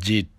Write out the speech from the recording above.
jiit